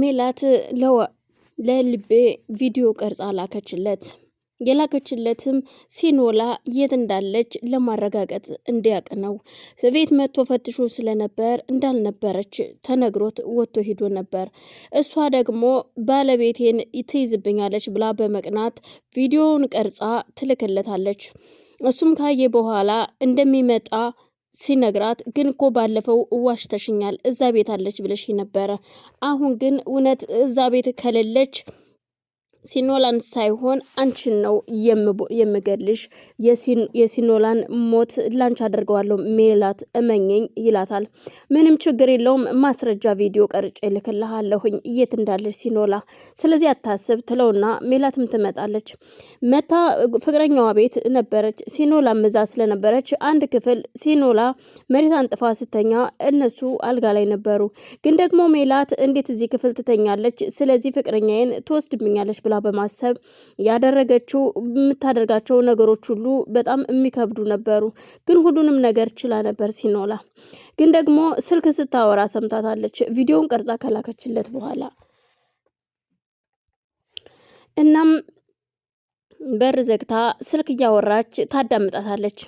ሜላት ለልቤ ቪዲዮ ቀርጻ ላከችለት። የላከችለትም ሲኖላ የት እንዳለች ለማረጋገጥ እንዲያቅ ነው። ቤት መጥቶ ፈትሾ ስለነበር እንዳልነበረች ተነግሮት ወጥቶ ሄዶ ነበር። እሷ ደግሞ ባለቤቴን ትይዝብኛለች ብላ በመቅናት ቪዲዮውን ቀርጻ ትልክለታለች። እሱም ካየ በኋላ እንደሚመጣ ሲነግራት ግን እኮ ባለፈው ዋሽተሽኛል፣ እዛ ቤት አለች ብለሽ ነበረ። አሁን ግን እውነት እዛ ቤት ከሌለች ሲኖላን ሳይሆን አንቺን ነው የምገድልሽ። የሲኖላን ሞት ላንቺ አድርገዋለሁ ሜላት እመኘኝ ይላታል። ምንም ችግር የለውም ማስረጃ ቪዲዮ ቀርጬ ልክልሃለሁኝ የት እንዳለች ሲኖላ፣ ስለዚህ አታስብ ትለውና ሜላትም ትመጣለች። መታ ፍቅረኛዋ ቤት ነበረች። ሲኖላ ምዛ ስለነበረች አንድ ክፍል ሲኖላ መሬት አንጥፋ ስተኛ እነሱ አልጋ ላይ ነበሩ። ግን ደግሞ ሜላት እንዴት እዚህ ክፍል ትተኛለች? ስለዚህ ፍቅረኛዬን ትወስድብኛለች ብላ በማሰብ ያደረገችው የምታደርጋቸው ነገሮች ሁሉ በጣም የሚከብዱ ነበሩ። ግን ሁሉንም ነገር ችላ ነበር ሲኖላ። ግን ደግሞ ስልክ ስታወራ ሰምታታለች፣ ቪዲዮን ቀርጻ ከላከችለት በኋላ እናም በር ዘግታ ስልክ እያወራች ታዳምጣታለች።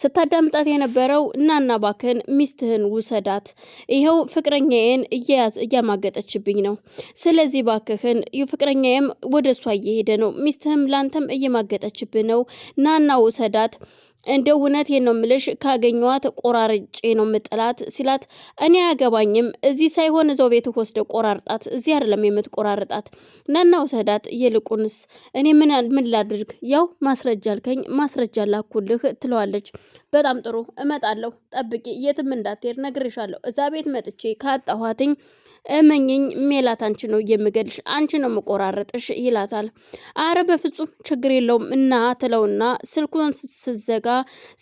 ስታዳምጣት የነበረው እናና ባክን ሚስትህን ውሰዳት፣ ይኸው ፍቅረኛዬን እየያዝ እያማገጠችብኝ ነው። ስለዚህ ባክህን ፍቅረኛዬም ወደ እሷ እየሄደ ነው፣ ሚስትህም ላንተም እየማገጠችብህ ነው፣ ናና ውሰዳት እንደ እውነቴን ነው ምልሽ ካገኘኋት ቆራርጬ ነው ምጥላት ሲላት እኔ አያገባኝም እዚህ ሳይሆን እዛው ቤት ወስደ ቆራርጣት እዚህ አይደለም የምትቆራርጣት ናና ውሰዳት ይልቁንስ እኔ ምን ላድርግ ያው ማስረጃ አልከኝ ማስረጃ ላኩልህ ትለዋለች በጣም ጥሩ እመጣለሁ ጠብቂ የትም እንዳትሄድ ነግርሻለሁ። እዛ ቤት መጥቼ ካጣኋትኝ እመኝኝ ሜላት አንቺ ነው የምገልሽ፣ አንቺ ነው የምቆራረጥሽ ይላታል። አረ በፍጹም ችግር የለውም እና ትለውና ስልኩን ስትዘጋ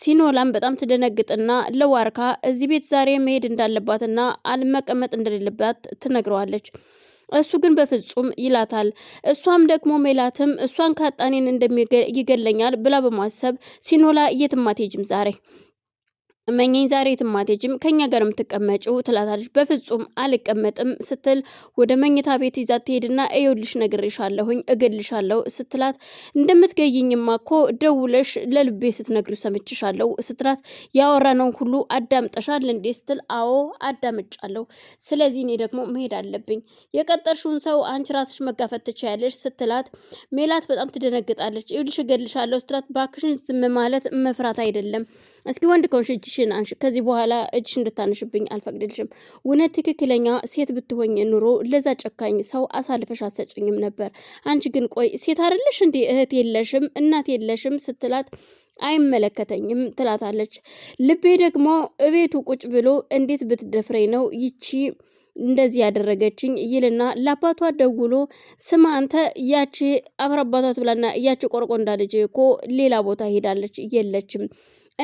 ሲኖላም በጣም ትደነግጥና ለዋርካ እዚህ ቤት ዛሬ መሄድ እንዳለባትና አልመቀመጥ እንደሌለባት ትነግረዋለች። እሱ ግን በፍጹም ይላታል። እሷም ደግሞ ሜላትም እሷን ካጣኔን እንደሚገለኛል ብላ በማሰብ ሲኖላ የትም አትሄጂም ዛሬ እመኘኝ ዛሬ የትም አትሄጂም ከኛ ጋር የምትቀመጩ ትላታለች። በፍጹም አልቀመጥም ስትል ወደ መኝታ ቤት ይዛት ትሄድና እየውልሽ ነግሬሻለሁኝ እገልሻለሁ ስትላት እንደምትገይኝማ እኮ ደውለሽ ለልቤ ስትነግሪው ሰምችሻለሁ ስትላት ያወራነውን ሁሉ አዳምጠሻል እንዴ ስትል አዎ አዳምጫለሁ። ስለዚህ እኔ ደግሞ መሄድ አለብኝ። የቀጠርሽውን ሰው አንቺ ራስሽ መጋፈት ትችያለሽ ስትላት ሜላት በጣም ትደነግጣለች። ይኸውልሽ እገልሻለሁ ስትላት ባክሽን ዝም ማለት መፍራት አይደለም እስኪ ወንድ ከሆንሽ እጅሽን አንሽ፣ ከዚህ በኋላ እጅሽ እንድታነሽብኝ አልፈቅድልሽም። እውነት ትክክለኛ ሴት ብትሆኝ ኑሮ ለዛ ጨካኝ ሰው አሳልፈሽ አሰጭኝም ነበር። አንቺ ግን ቆይ ሴት አይደለሽ እንዴ? እህት የለሽም እናት የለሽም ስትላት አይመለከተኝም ትላታለች። ልቤ ደግሞ እቤቱ ቁጭ ብሎ እንዴት ብትደፍሬ ነው ይቺ እንደዚህ ያደረገችኝ ይልና ለአባቷ ደውሎ ስማ አንተ ያቺ አብረ ትብላና ያቺ ቆርቆ ልጅ እኮ ሌላ ቦታ ሄዳለች የለችም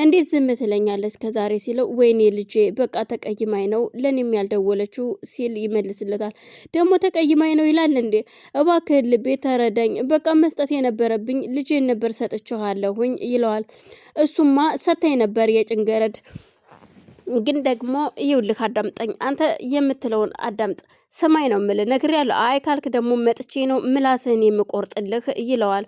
እንዴት ዝም ትለኛለህ እስከ ዛሬ ሲለው፣ ወይኔ ልጄ በቃ ተቀይማኝ ነው ለእኔም ያልደወለችው ሲል ይመልስለታል። ደግሞ ተቀይማኝ ነው ይላል። እንዴ እባክህ ልቤ ተረዳኝ፣ በቃ መስጠት የነበረብኝ ልጄን ነበር ሰጥችኋለሁኝ ይለዋል። እሱማ ሰጥተኝ ነበር የጭንገረድ ግን ደግሞ ይኸውልህ አዳምጠኝ፣ አንተ የምትለውን አዳምጥ ሰማይ ነው የምልህ ነግሬያለሁ። አይ ካልክ ደግሞ መጥቼ ነው ምላስህን የምቆርጥልህ ይለዋል።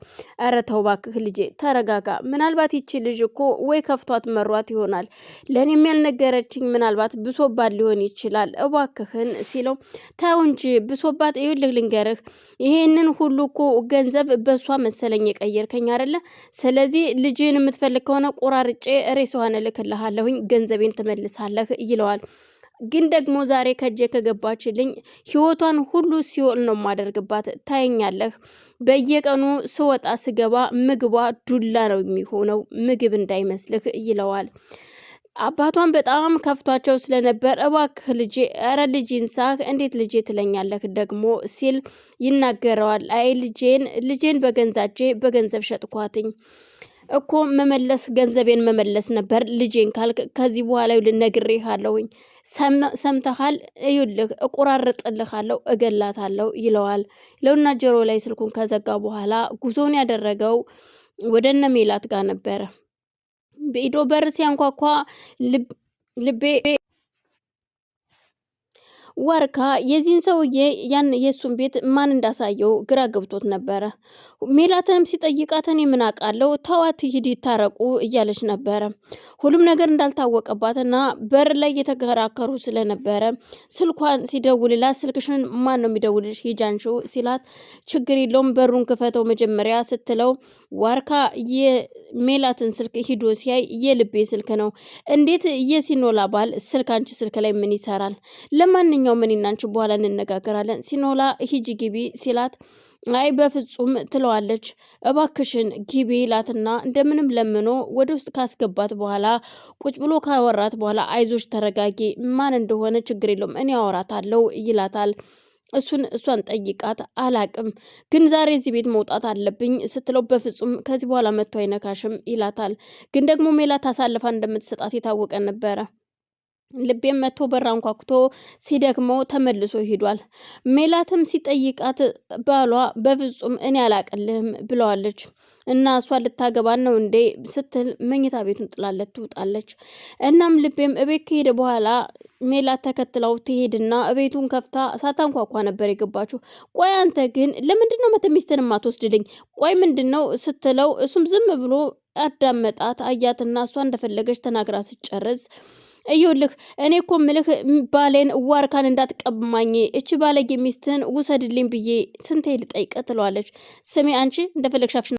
ኧረ ተው እባክህ ልጄ ተረጋጋ። ምናልባት ይቺ ልጅ እኮ ወይ ከፍቷት መሯት ይሆናል ለእኔም ያልነገረችኝ ምናልባት ብሶባት ሊሆን ይችላል እባክህን ሲለው ተው እንጂ ብሶባት ይኸውልህ ልንገርህ ይሄንን ሁሉ እኮ ገንዘብ በእሷ መሰለኝ የቀየርከኝ አይደለ ስለዚህ ልጅህን የምትፈልግ ከሆነ ቆራርጬ ሬሳዋን እልክልሃለሁኝ ገንዘቤን ትመልሳለህ ይለዋል ግን ደግሞ ዛሬ ከጀ ከገባችልኝ ህይወቷን ሁሉ ሲኦል ነው የማደርግባት። ታየኛለህ። በየቀኑ ስወጣ ስገባ ምግቧ ዱላ ነው የሚሆነው፣ ምግብ እንዳይመስልህ ይለዋል። አባቷን በጣም ከፍቷቸው ስለነበር እባክህ ልጄ፣ ኧረ ልጅን ሳህ እንዴት ልጄ ትለኛለህ ደግሞ ሲል ይናገረዋል። አይ ልጄን ልጄን በገንዛጄ በገንዘብ ሸጥኳትኝ እኮ መመለስ ገንዘቤን መመለስ ነበር ልጄን ካልክ ከዚህ በኋላ ይኸውልህ ነግሬህ አለውኝ ሰምተሃል፣ እዩልህ እቆራርጥልህ አለው እገላታለሁ ይለዋል። ለውና ጆሮ ላይ ስልኩን ከዘጋ በኋላ ጉዞን ያደረገው ወደ እነ ሜላት ጋር ነበረ። በኢዶ በር ሲያንኳኳ ልቤ ዋርካ የዚህን ሰውዬ ያን የእሱን ቤት ማን እንዳሳየው ግራ ገብቶት ነበረ። ሜላትንም ሲጠይቃት እኔ ምን አውቃለሁ ተዋት ሂድ ይታረቁ እያለች ነበረ። ሁሉም ነገር እንዳልታወቀባትና በር ላይ እየተከራከሩ ስለነበረ ስልኳን ሲደውልላት ስልክሽን ማን ነው የሚደውልሽ ሂጂ ሲላት ችግር የለውም በሩን ክፈተው መጀመሪያ ስትለው ዋርካ ሜላትን ስልክ ሂዶ ሲያይ የልቤ ስልክ ነው። እንዴት የሲኖላ ባል ስልክ አንቺ ስልክ ላይ ምን ይሰራል? ለማንኛውም እኔና አንቺ በኋላ እንነጋገራለን። ሲኖላ ሂጂ ግቢ ሲላት አይ በፍጹም ትለዋለች። እባክሽን ግቢ ላትና እንደምንም ለምኖ ወደ ውስጥ ካስገባት በኋላ ቁጭ ብሎ ካወራት በኋላ አይዞች ተረጋጊ፣ ማን እንደሆነ ችግር የለውም እኔ አወራታለሁ ይላታል። እሱን እሷን ጠይቃት አላቅም፣ ግን ዛሬ እዚህ ቤት መውጣት አለብኝ ስትለው በፍጹም ከዚህ በኋላ መጥቶ አይነካሽም ይላታል። ግን ደግሞ ሜላት አሳልፋ እንደምትሰጣት የታወቀ ነበረ። ልቤም መጥቶ በራን ኳኩቶ ሲደክመው ተመልሶ ሂዷል። ሜላትም ሲጠይቃት ባሏ በፍጹም እኔ አላቅልህም ብለዋለች እና እሷ ልታገባን ነው እንዴ ስትል መኝታ ቤቱን ጥላለት ትውጣለች። እናም ልቤም እቤት ከሄደ በኋላ ሜላት ተከትለው ትሄድና ቤቱን ከፍታ ሳታንኳኳ ነበር የገባችው። ቆይ አንተ ግን ለምንድን ነው ሚስትን ማትወስድልኝ? ቆይ ምንድን ነው ስትለው እሱም ዝም ብሎ አዳመጣት አያትና እሷ እንደፈለገች ተናግራ ስጨርስ እየውልህ እኔ እኮ ምልህ ባሌን ዋርካን እንዳትቀማኝ እች ባለጌ ሚስትህን ውሰድልኝ ብዬ ስንቴ ልጠይቅ ትለዋለች። ስሜ አንቺ እንደፈለግሽ